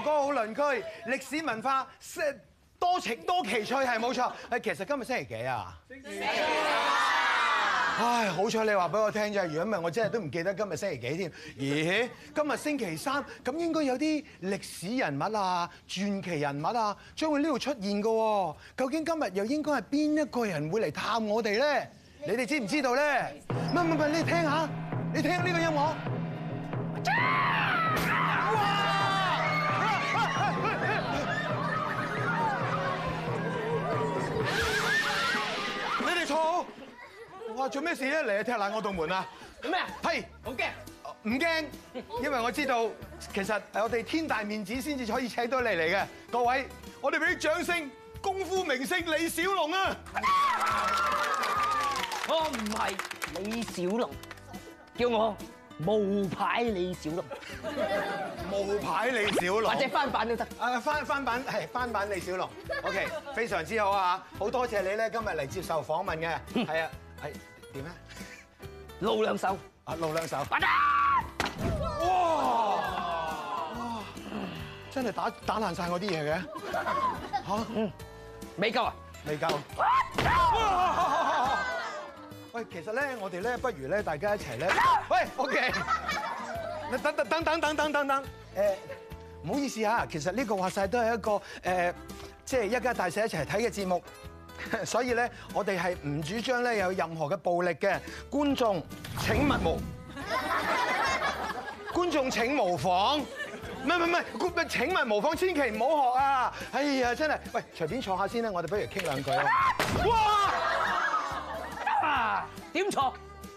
好鄰居，歷史文化多情多奇趣，係冇錯。係其實今日星期幾啊？星期四啊、哎！唉，好彩你話俾我聽啫，如果唔係我真係都唔記得今日星期幾添。是是咦？今日星期三，咁應該有啲歷史人物啊、傳奇人物啊，將會呢度出現喎。究竟今日又應該係邊一個人會嚟探我哋咧？你哋知唔知道咧？乜乜乜？你聽下，你聽呢個音樂。啊做咩事咧？嚟啊！踢爛我道門啊！做咩？嘿，好驚？唔驚？因為我知道其實係我哋天大面子先至可以請到你嚟嘅。各位，我哋俾啲掌聲，功夫明星李小龍啊！我唔係李小龍，叫我冒牌李小龍。冒牌李小龍，或者翻版都得。啊，翻翻版係翻版李小龍。OK，非常之好啊！好多謝你咧，今日嚟接受訪問嘅。係啊，係點咧？露兩手啊！露兩手開哇。哇！真係打打爛晒我啲嘢嘅嚇，嗯，未夠啊？未夠未夠。喂開，其實咧，我哋咧，不如咧，大家一齊咧。喂，OK 開。你等等等等等等等等，誒，唔好意思吓，其實呢個話晒都係一個誒，即係一家大細一齊睇嘅節目。所以咧，我哋係唔主張咧有任何嘅暴力嘅，觀眾請勿模， 觀眾請模仿，唔係唔係唔係，觀請勿模仿，千祈唔好學啊！哎呀，真係，喂，隨便坐下先啦，我哋不如傾兩句啊！哇，啊，點坐？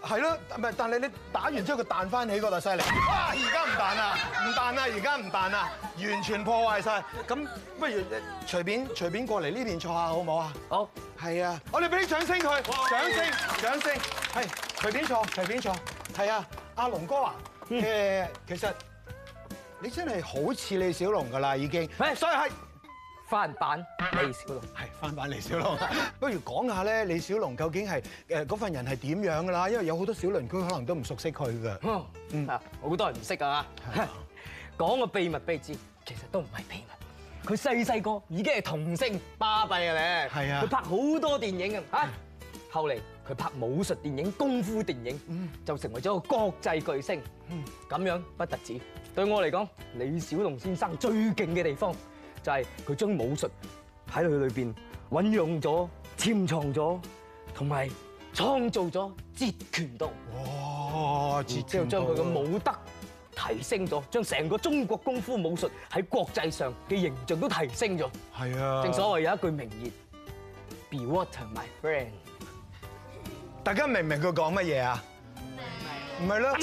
係咯，唔係，但係你打完之後佢彈翻起嗰個犀利，哇！而家唔彈啦，唔彈啦，而家唔彈啦，完全破壞晒。咁，不如隨便隨便過嚟呢邊坐下好唔好啊？好，好，係啊好，我哋俾啲掌聲佢，掌聲掌聲，係隨便坐隨便坐。係啊，阿龍哥啊，誒，其實你真係好似李小龍㗎啦，已經。誒，所以係。翻版李小龍，係翻版李小龍。不如講下咧，李小龍究竟係誒嗰份人係點樣㗎啦？因為有好多小鄰居可能都唔熟悉佢㗎。嗯，啊，好多人唔識㗎。講個秘密秘事，其實都唔係秘密。佢細細個已經係童星，巴閉啊咧。係啊，佢拍好多電影啊。嚇，後嚟佢拍武術電影、功夫電影，就成為咗個國際巨星。咁樣不特止，對我嚟講，李小龍先生最勁嘅地方。就係佢將武術喺佢裏邊運用咗、潛藏咗，同埋創造咗截拳道。哇！即係將佢嘅武德提升咗，將成個中國功夫武術喺國際上嘅形象都提升咗。係啊！正所謂有一句名言：Be water, my friend。大家明唔明佢講乜嘢啊？唔明。唔係咯？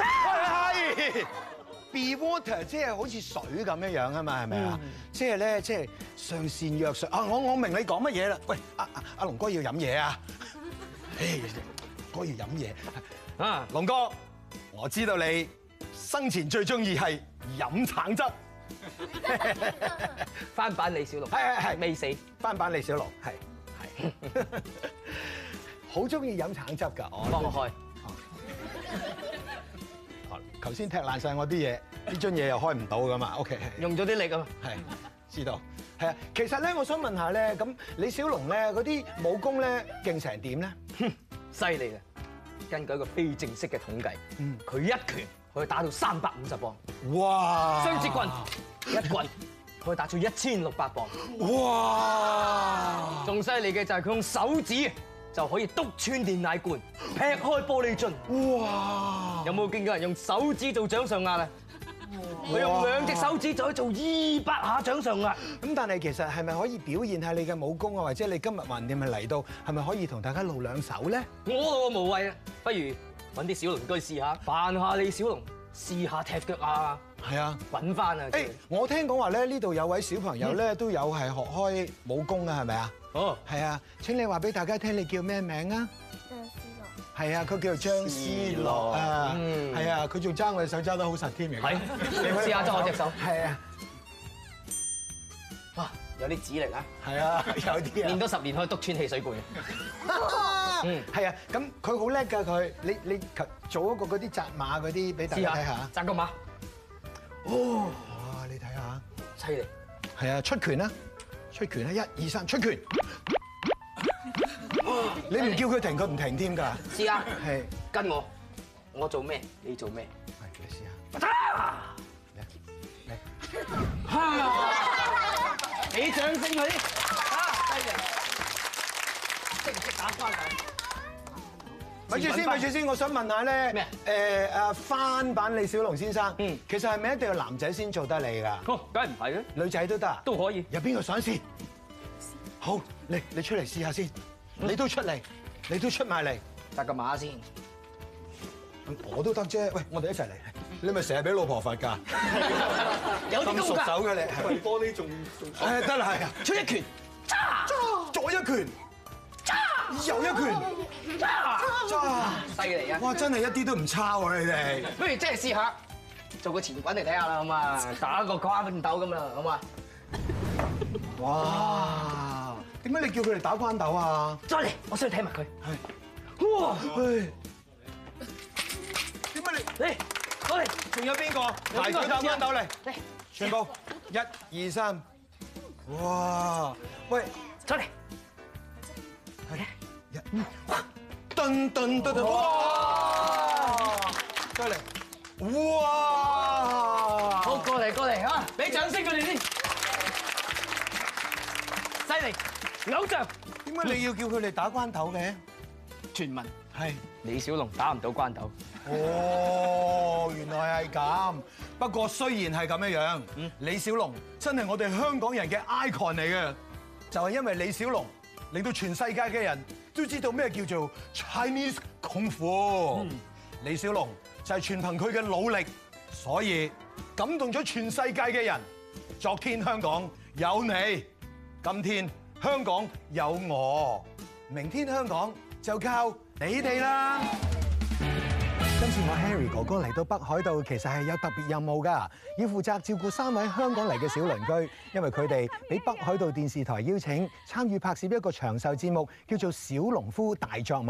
係。Be water 即係好似水咁樣樣啊嘛，係咪、嗯、啊？即係咧，即係上善若水啊！我我明你講乜嘢啦。喂，阿阿阿龍哥要飲嘢啊、哎！唉，龍哥要飲嘢啊！龍哥，我知道你生前最中意係飲橙汁， 翻版李小龍，係係係，未死，翻版李小龍，係係，好中意飲橙汁㗎，好我開。頭先踢爛晒我啲嘢，呢樽嘢又開唔到㗎嘛。OK，用咗啲力啊嘛，係知道，係啊。其實咧，我想問下咧，咁李小龍咧嗰啲武功咧，勁成點咧？哼，犀利嘅。根據一個非正式嘅統計，嗯，佢一拳可以打到三百五十磅，哇！雙截棍一棍可以打到一千六百磅，哇！仲犀利嘅就係佢用手指。就可以篤穿電奶罐，劈開玻璃樽，哇！有冇見過人用手指做掌上壓啊？佢用兩隻手指就可以做二百下掌上壓。咁但係其實係咪可以表現下你嘅武功啊？或者你今日橫掂咪嚟到，係咪可以同大家露兩手咧？我我無謂啊，不如揾啲小鄰居試下扮下李小龍。試下踢腳啊！係啊，滾翻啊！誒，我聽講話咧，呢度有位小朋友咧都有係學開武功啊，係咪啊？哦，係啊！請你話俾大家聽，你叫咩名啊？張思樂。係啊，佢叫張思樂啊！係啊，佢仲揸我隻手揸得好實添，而家。係，你試下揸我隻手。係啊。哇！有啲指力啊！係啊，有啲啊。練多十年可以篤穿汽水罐。嗯，係啊，咁佢好叻㗎佢，你你做一個嗰啲紮馬嗰啲俾大家睇下。紮個馬，哦，你睇下，犀利！係啊，出拳啦，出拳啦，一二三，出拳，你唔叫佢停佢唔停添㗎。試下，係，跟我，我做咩你做咩，嚟試下，打，嚟，嚟，起掌聲嗰啲。咪住先，咪住先，我想問，問下咧，誒阿翻版李小龍先生，麼其實係咪一定要男仔先做得嚟㗎？哦，梗係唔係咧？女仔都得，都可以。有邊個想先？試好，你你出嚟試下先，嗯。你都出嚟嗎，你都出埋嚟。搭個馬先。我都得啫。喂，我哋一齊嚟。你咪成日俾老婆罰㗎？有啲鍾㗎。咁熟手嘅你。玻璃仲得啦，係啊，出一拳。打左一拳。又一拳，犀利啊！哇，真係一啲都唔差喎，你哋。不如即係試下做個前滾嚟睇下啦，好嘛？打個筋斗咁啊，好嘛？哇！點解你叫佢哋打筋斗啊？再嚟，我需要睇埋佢。哇！點解你你過嚟？仲有邊個？排隊打筋斗嚟，嚟！全部，一、二、三。哇！喂，再嚟。好嘅。哇！犀利，哇！好，過嚟過嚟嚇，俾掌聲佢哋先，犀利，偶像。點解你要叫佢哋打關頭嘅？傳聞係李小龍打唔到關頭。哦，原來係咁。不過雖然係咁樣樣，李小龍真係我哋香港人嘅 icon 嚟嘅，就係因為李小龍令到全世界嘅人，都知道咩叫做 Chinese 功夫？李小龍就係全憑佢嘅努力，所以感動咗全世界嘅人。昨天香港有你，今天香港有我，明天香港就靠你哋啦！我 Harry 哥哥嚟到北海道，其實係有特別任務噶，要負責照顧三位香港嚟嘅小鄰居，因為佢哋俾北海道電視台邀請參與拍攝一個長壽節目，叫做《小農夫大作物》。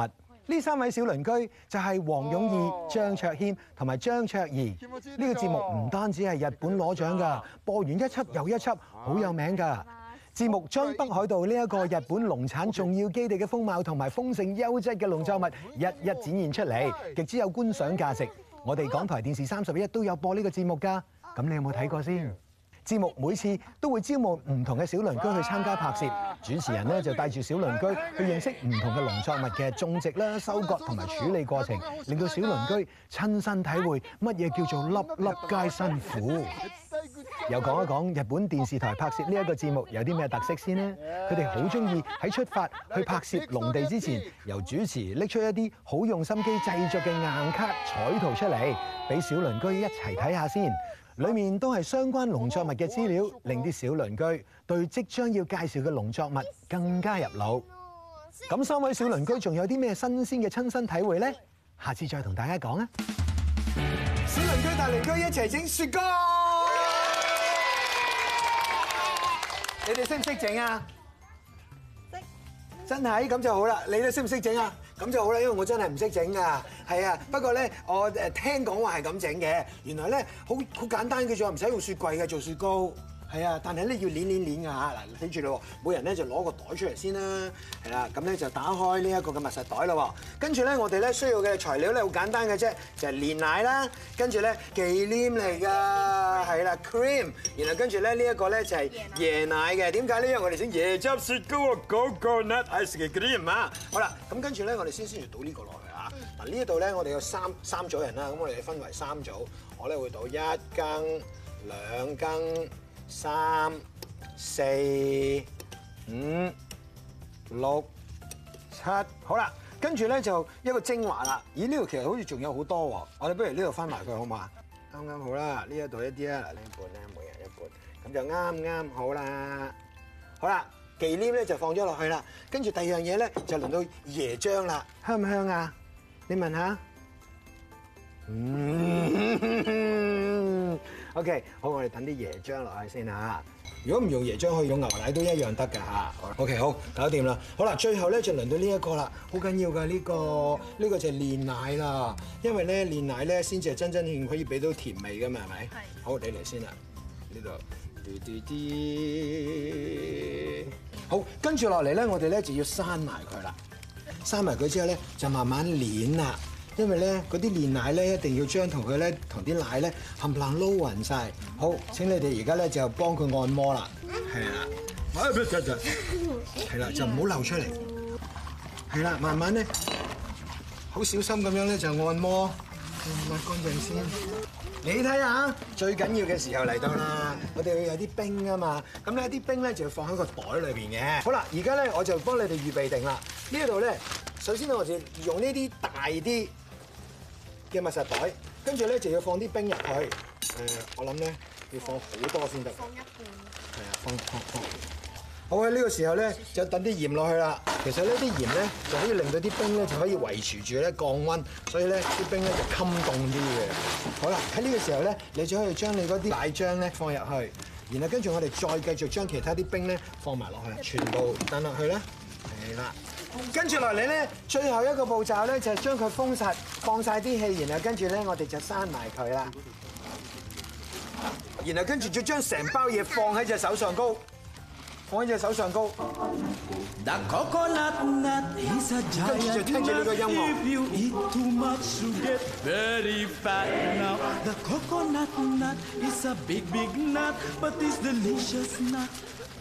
呢三位小鄰居就係黃永義張卓謙同埋張卓兒。呢個節目唔單止係日本攞獎噶，播完一輯又一輯好有名噶。節目將北海道呢一個日本農產重要基地嘅風貌同埋豐盛優質嘅農作物一一展現出嚟，極之有觀賞價值。我哋港台電視三十一都有播呢個節目㗎，咁你有冇睇過先？嗯、節目每次都會招募唔同嘅小鄰居去參加拍攝，啊、主持人呢就帶住小鄰居去認識唔同嘅農作物嘅種植啦，收割同埋處理過程，令到小鄰居親身體會乜嘢叫做粒粒皆辛苦。又講一講日本電視台拍攝呢一個節目有啲咩特色先呢？佢哋好中意喺出發去拍攝農地之前，由主持拎出一啲好用心機製作嘅硬卡彩圖出嚟，俾小鄰居一齊睇下先。裡面都係相關農作物嘅資料，令啲小鄰居對即將要介紹嘅農作物更加入腦。咁三位小鄰居仲有啲咩新鮮嘅親身體會呢？下次再同大家講啊！小鄰居大鄰居一齊整雪糕。你哋識唔識整啊？識！真係？咁就好啦。你哋識唔識整啊？咁就好啦，因為我真係唔識整啊！係啊，不過咧，我誒聽講話係咁整嘅。原來咧，好好簡單嘅，仲話唔使用雪櫃嘅做雪糕。係啊，但係咧要攣攣攣㗎嚇嗱，睇住咯，每人咧就攞個袋出嚟先啦，係啦，咁咧就打開呢一個嘅密實袋咯。跟住咧，我哋咧需要嘅材料咧好簡單嘅啫，就係、是、煉奶啦，跟住咧忌廉嚟㗎，係啦 cream，然後跟住咧呢一個咧就係椰奶嘅。點解呢？因為我哋先椰汁雪糕？Coconut ice cream 啊！奶好啦，咁跟住咧我哋先先要倒呢個落去啊。嗱，呢一度咧我哋有三三組人啦，咁我哋分為三組，我咧會倒一羹兩羹。三、四、五、六、七，好啦，跟住咧就一個精華啦。咦？呢度其實好似仲有好多喎，我哋不如呢度分埋佢好嘛？啱啱好啦，呢一度一啲啦，嗱，呢一半咧，每人一半，咁就啱啱好啦。好啦，忌廉咧就放咗落去啦，跟住第二樣嘢咧就輪到椰漿啦，香唔香啊？你問下。OK，好，我哋等啲椰漿落去先吓。如果唔用椰漿，可以用牛奶都一樣得㗎吓 OK，好，搞掂啦。好啦，最後咧就輪到呢一個啦，好緊要㗎呢個，嗯，呢個就係煉奶啦。因為咧煉奶咧先至係真真正可以俾到甜味㗎嘛，係咪？係是。好，你嚟先啦。呢度。嘟嘟嘟。好，跟住落嚟咧，我哋咧就要閂埋佢啦。閂埋佢之後咧，就慢慢煉啦。因為咧嗰啲煉奶咧一定要將同佢咧同啲奶咧冚唪唥撈勻晒。好，請你哋而家咧就幫佢按摩啦，係啦，啊，一隻一隻，係啦，就唔好漏出嚟。係啦，慢慢咧，好小心咁樣咧就按摩，抹乾淨先。你睇下，最緊要嘅時候嚟到啦，我哋會有啲冰啊嘛。咁咧啲冰咧就要放喺個袋裏邊嘅。好啦，而家咧我就幫你哋預備定啦。呢度咧，首先我哋用呢啲大啲嘅密實袋，跟住咧就要放啲冰入去。誒、呃，我諗咧要放好多先得一。放一半。係啊，放放放。好啊，呢個時候咧就等啲鹽落去啦。其實呢啲鹽咧就可以令到啲冰咧就可以維持住咧降溫，所以咧啲冰咧就襟凍啲嘅。好啦，喺呢個時候咧，你就可以將你嗰啲奶漿咧放入去，然後跟住我哋再繼續將其他啲冰咧放埋落去，全部揼落去啦。係啦。跟住落嚟咧，最後一個步驟咧就係將佢封實，放曬啲氣，然後跟住咧我哋就閂埋佢啦。然後跟住就將成包嘢放喺隻手上高，放喺隻手上高。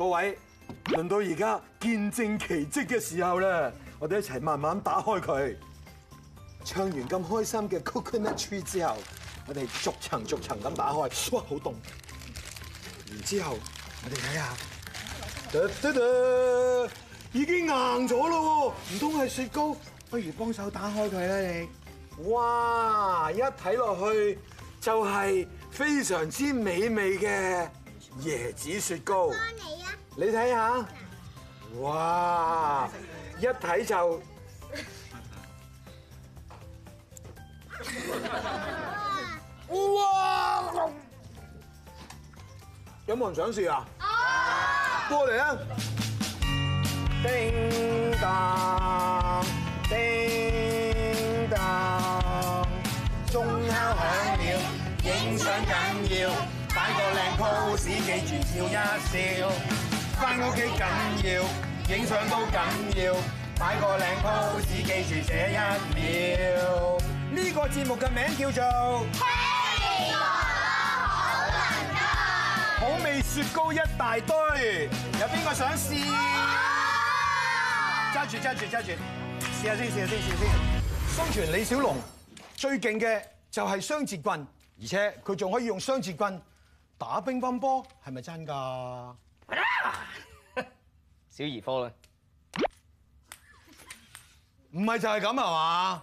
各位，輪到而家見證奇迹嘅時候呢，我哋一齊慢慢打開佢。唱完咁開心嘅《Coconut Tree》之後，我哋逐層逐層咁打開。哇，好凍！然之後我哋睇下，已經硬咗咯！唔通係雪糕？不如幫手打開佢啦，你。哇，一睇落去就係、是、非常之美味嘅。椰子雪糕，你睇下，哇，一睇就，哇，有冇人想試啊？過嚟啊！叮噹，叮噹，鐘敲響了，影相緊要。pose 記住笑一笑，翻屋企緊要，影相都緊要，擺個靚 pose 記住寫一秒。呢個節目嘅名叫做《Harry 哥哥好能幹》難，好味雪糕一大堆，有邊個想試？揸住揸住揸住，試下先試下先試下先。宗權李小龍最勁嘅就係雙截棍，而且佢仲可以用雙截棍。打乒乓波係咪真噶？小兒科咧，唔係就係咁係嘛？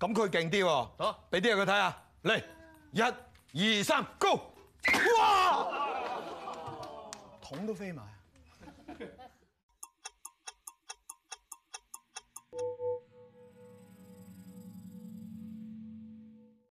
咁佢勁啲喎，俾啲嘢佢睇下，嚟一二三，go！哇！桶都飛埋。